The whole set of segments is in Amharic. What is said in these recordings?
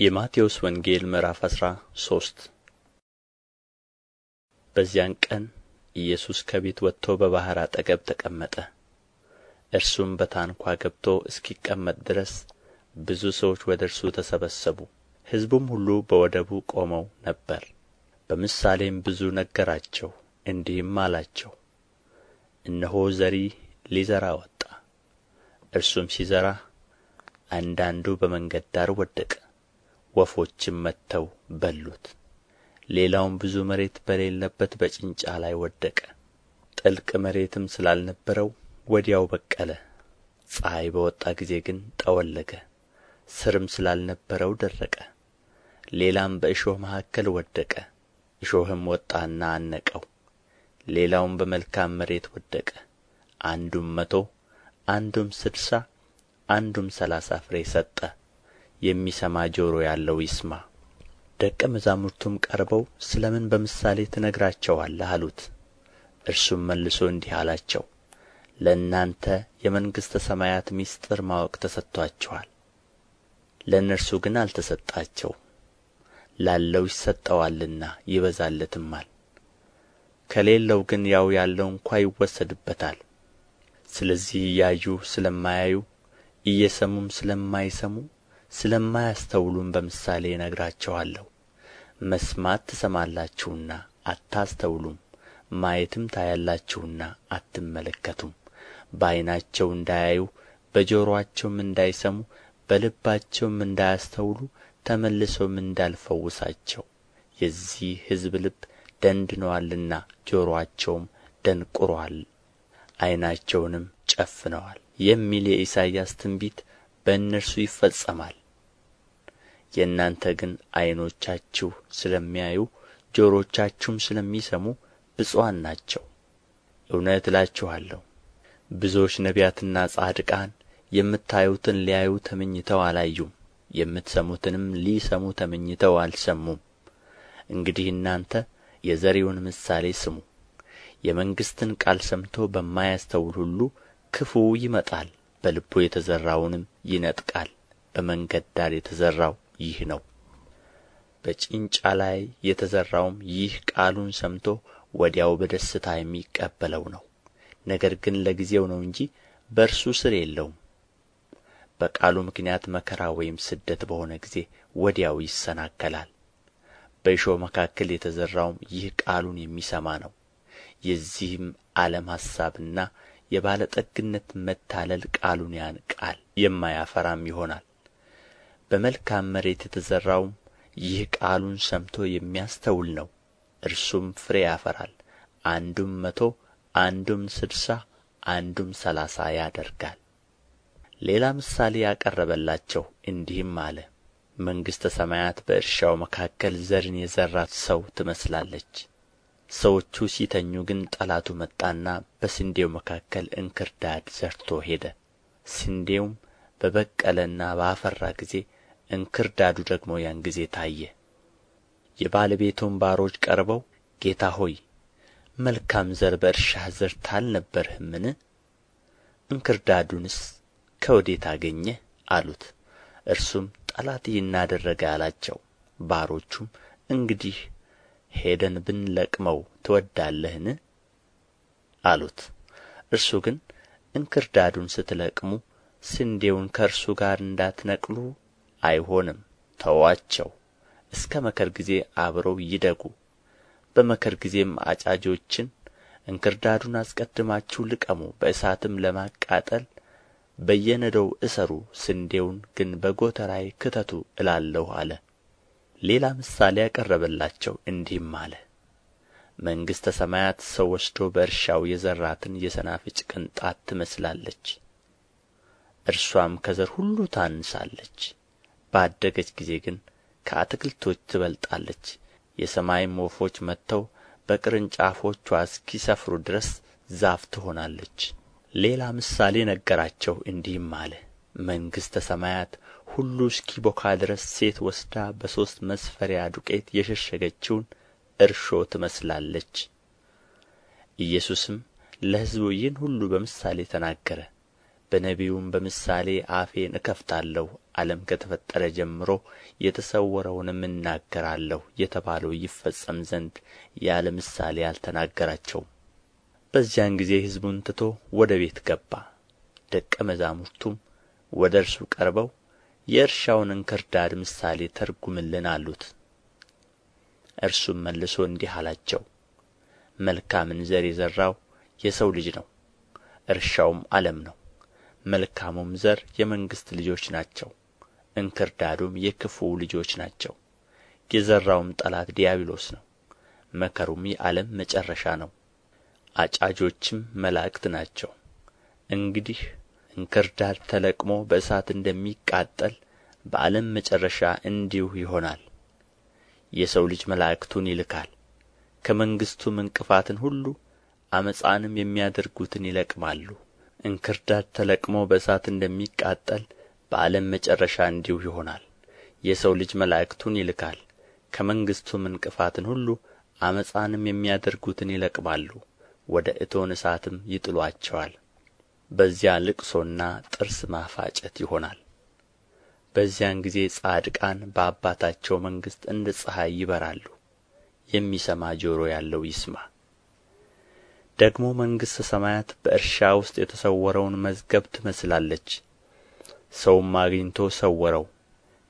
የማቴዎስ ወንጌል ምዕራፍ አስራ ሶስት በዚያን ቀን ኢየሱስ ከቤት ወጥቶ በባሕር አጠገብ ተቀመጠ። እርሱም በታንኳ ገብቶ እስኪቀመጥ ድረስ ብዙ ሰዎች ወደ እርሱ ተሰበሰቡ። ሕዝቡም ሁሉ በወደቡ ቆመው ነበር። በምሳሌም ብዙ ነገራቸው፣ እንዲህም አላቸው። እነሆ ዘሪ ሊዘራ ወጣ። እርሱም ሲዘራ አንዳንዱ በመንገድ ዳር ወደቀ ወፎችም መጥተው በሉት ሌላውም ብዙ መሬት በሌለበት በጭንጫ ላይ ወደቀ ጥልቅ መሬትም ስላልነበረው ወዲያው በቀለ ፀሐይ በወጣ ጊዜ ግን ጠወለገ ስርም ስላልነበረው ደረቀ ሌላም በእሾህ መካከል ወደቀ እሾህም ወጣና አነቀው ሌላውም በመልካም መሬት ወደቀ አንዱም መቶ አንዱም ስድሳ አንዱም ሰላሳ ፍሬ ሰጠ የሚሰማ ጆሮ ያለው ይስማ ደቀ መዛሙርቱም ቀርበው ስለ ምን በምሳሌ ትነግራቸዋለህ አሉት እርሱም መልሶ እንዲህ አላቸው ለእናንተ የመንግሥተ ሰማያት ምስጢር ማወቅ ተሰጥቶአችኋል ለእነርሱ ግን አልተሰጣቸው ላለው ይሰጠዋልና ይበዛለትማል ከሌለው ግን ያው ያለው እንኳ ይወሰድበታል ስለዚህ እያዩ ስለማያዩ እየሰሙም ስለማይሰሙ ስለማያስተውሉም በምሳሌ እነግራቸዋለሁ። መስማት ትሰማላችሁና አታስተውሉም ማየትም ታያላችሁና አትመለከቱም በዓይናቸው እንዳያዩ በጆሮአቸውም እንዳይሰሙ በልባቸውም እንዳያስተውሉ ተመልሰውም እንዳልፈውሳቸው የዚህ ሕዝብ ልብ ደንድነዋልና ጆሮአቸውም ደንቁሮአል ዓይናቸውንም ጨፍነዋል የሚል የኢሳይያስ ትንቢት በእነርሱ ይፈጸማል የእናንተ ግን ዓይኖቻችሁ ስለሚያዩ ጆሮቻችሁም ስለሚሰሙ ብፁዓን ናቸው እውነት እላችኋለሁ ብዙዎች ነቢያትና ጻድቃን የምታዩትን ሊያዩ ተመኝተው አላዩም የምትሰሙትንም ሊሰሙ ተመኝተው አልሰሙም እንግዲህ እናንተ የዘሪውን ምሳሌ ስሙ የመንግሥትን ቃል ሰምቶ በማያስተውል ሁሉ ክፉው ይመጣል በልቡ የተዘራውንም ይነጥቃል በመንገድ ዳር የተዘራው ይህ ነው በጭንጫ ላይ የተዘራውም ይህ ቃሉን ሰምቶ ወዲያው በደስታ የሚቀበለው ነው ነገር ግን ለጊዜው ነው እንጂ በእርሱ ሥር የለውም በቃሉ ምክንያት መከራ ወይም ስደት በሆነ ጊዜ ወዲያው ይሰናከላል በእሾህ መካከል የተዘራውም ይህ ቃሉን የሚሰማ ነው የዚህም ዓለም ሐሳብና የባለጠግነት መታለል ቃሉን ያንቃል የማያፈራም ይሆናል በመልካም መሬት የተዘራውም ይህ ቃሉን ሰምቶ የሚያስተውል ነው እርሱም ፍሬ ያፈራል አንዱም መቶ አንዱም ስድሳ አንዱም ሰላሳ ያደርጋል ሌላ ምሳሌ ያቀረበላቸው እንዲህም አለ መንግሥተ ሰማያት በእርሻው መካከል ዘርን የዘራ ሰው ትመስላለች ሰዎቹ ሲተኙ ግን ጠላቱ መጣና በስንዴው መካከል እንክርዳድ ዘርቶ ሄደ ስንዴውም በበቀለና ባፈራ ጊዜ እንክርዳዱ ደግሞ ያን ጊዜ ታየ የባለቤቱም ባሮች ቀርበው ጌታ ሆይ መልካም ዘር በእርሻህ ዘርተህ አልነበርህምን እንክርዳዱንስ ከወዴት አገኘ አሉት እርሱም ጠላት ይህን አደረገ አላቸው ባሮቹም እንግዲህ ሄደን ብንለቅመው ትወዳለህን አሉት እርሱ ግን እንክርዳዱን ስትለቅሙ ስንዴውን ከእርሱ ጋር እንዳትነቅሉ አይሆንም ተዋቸው እስከ መከር ጊዜ አብረው ይደጉ በመከር ጊዜም አጫጆችን እንክርዳዱን አስቀድማችሁ ልቀሙ በእሳትም ለማቃጠል በየነዶው እሰሩ ስንዴውን ግን በጎተራይ ክተቱ እላለሁ አለ ሌላ ምሳሌ ያቀረበላቸው እንዲህም አለ መንግሥተ ሰማያት ሰው ወስዶ በእርሻው የዘራትን የሰናፍጭ ቅንጣት ትመስላለች እርሷም ከዘር ሁሉ ታንሳለች ባደገች ጊዜ ግን ከአትክልቶች ትበልጣለች የሰማይም ወፎች መጥተው በቅርንጫፎችዋ እስኪሰፍሩ ድረስ ዛፍ ትሆናለች ሌላ ምሳሌ ነገራቸው እንዲህም አለ መንግሥተ ሰማያት ሁሉ እስኪቦካ ድረስ ሴት ወስዳ በሦስት መስፈሪያ ዱቄት የሸሸገችውን እርሾ ትመስላለች ኢየሱስም ለሕዝቡ ይህን ሁሉ በምሳሌ ተናገረ በነቢዩም በምሳሌ አፌን እከፍታለሁ ዓለም ከተፈጠረ ጀምሮ የተሰወረውንም እናገራለሁ የተባለው ይፈጸም ዘንድ ያለ ምሳሌ አልተናገራቸውም በዚያን ጊዜ ሕዝቡን ትቶ ወደ ቤት ገባ ደቀ መዛሙርቱም ወደ እርሱ ቀርበው የእርሻውን እንክርዳድ ምሳሌ ተርጉምልን አሉት እርሱም መልሶ እንዲህ አላቸው መልካምን ዘር የዘራው የሰው ልጅ ነው እርሻውም ዓለም ነው መልካሙም ዘር የመንግሥት ልጆች ናቸው እንክርዳዱም የክፉው ልጆች ናቸው የዘራውም ጠላት ዲያብሎስ ነው መከሩም የዓለም መጨረሻ ነው አጫጆችም መላእክት ናቸው እንግዲህ እንክርዳድ ተለቅሞ በእሳት እንደሚቃጠል በዓለም መጨረሻ እንዲሁ ይሆናል የሰው ልጅ መላእክቱን ይልካል ከመንግሥቱም እንቅፋትን ሁሉ ዓመፃንም የሚያደርጉትን ይለቅማሉ እንክርዳድ ተለቅሞ በእሳት እንደሚቃጠል በዓለም መጨረሻ እንዲሁ ይሆናል የሰው ልጅ መላእክቱን ይልካል ከመንግሥቱም እንቅፋትን ሁሉ ዓመፃንም የሚያደርጉትን ይለቅማሉ ወደ እቶን እሳትም ይጥሏቸዋል። በዚያ ልቅሶና ጥርስ ማፋጨት ይሆናል በዚያን ጊዜ ጻድቃን በአባታቸው መንግሥት እንደ ፀሐይ ይበራሉ የሚሰማ ጆሮ ያለው ይስማ ደግሞ መንግሥተ ሰማያት በእርሻ ውስጥ የተሰወረውን መዝገብ ትመስላለች ሰውም አግኝቶ ሰወረው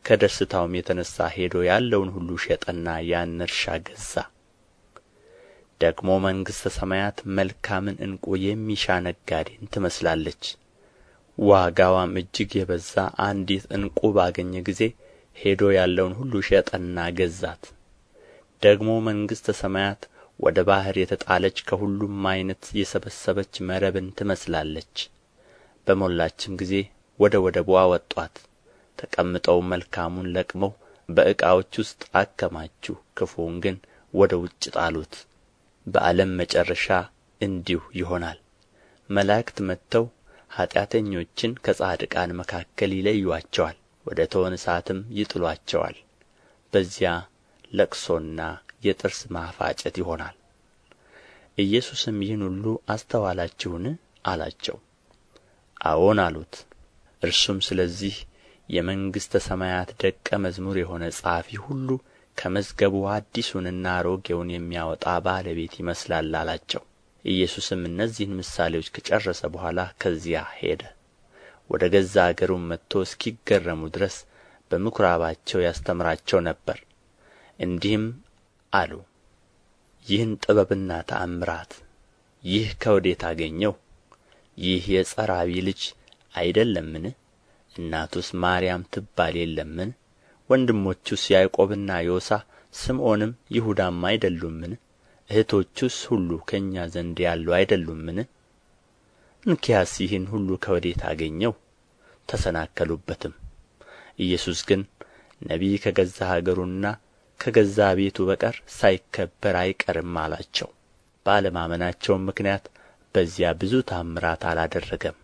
ከደስታውም የተነሣ ሄዶ ያለውን ሁሉ ሸጠና ያን እርሻ ገዛ ደግሞ መንግሥተ ሰማያት መልካምን ዕንቁ የሚሻ ነጋዴን ትመስላለች ዋጋዋም እጅግ የበዛ አንዲት ዕንቁ ባገኘ ጊዜ ሄዶ ያለውን ሁሉ ሸጠና ገዛት ደግሞ መንግሥተ ሰማያት ወደ ባሕር የተጣለች ከሁሉም ዓይነት የሰበሰበች መረብን ትመስላለች በሞላችም ጊዜ ወደ ወደቡ አወጡአት ተቀምጠው መልካሙን ለቅመው በዕቃዎች ውስጥ አከማቹ ክፉውን ግን ወደ ውጭ ጣሉት በዓለም መጨረሻ እንዲሁ ይሆናል መላእክት መጥተው ኃጢአተኞችን ከጻድቃን መካከል ይለዩአቸዋል ወደ እቶነ እሳትም ይጥሏቸዋል። በዚያ ለቅሶና የጥርስ ማፋጨት ይሆናል ኢየሱስም ይህን ሁሉ አስተዋላችሁን አላቸው አዎን አሉት እርሱም ስለዚህ የመንግሥተ ሰማያት ደቀ መዝሙር የሆነ ጻፊ ሁሉ ከመዝገቡ አዲሱንና አሮጌውን የሚያወጣ ባለቤት ይመስላል አላቸው። ኢየሱስም እነዚህን ምሳሌዎች ከጨረሰ በኋላ ከዚያ ሄደ። ወደ ገዛ አገሩም መጥቶ እስኪገረሙ ድረስ በምኵራባቸው ያስተምራቸው ነበር። እንዲህም አሉ ይህን ጥበብና ተአምራት ይህ ከወዴት አገኘው ይህ የጸራቢ ልጅ አይደለምን እናቱስ ማርያም ትባል የለምን ወንድሞቹስ ያዕቆብና ዮሳ ስምዖንም ይሁዳም አይደሉምን እህቶቹስ ሁሉ ከእኛ ዘንድ ያሉ አይደሉምን እንኪያስ ይህን ሁሉ ከወዴት አገኘው ተሰናከሉበትም ኢየሱስ ግን ነቢይ ከገዛ አገሩና ከገዛ ቤቱ በቀር ሳይከበር አይቀርም አላቸው ባለማመናቸውም ምክንያት በዚያ ብዙ ተአምራት አላደረገም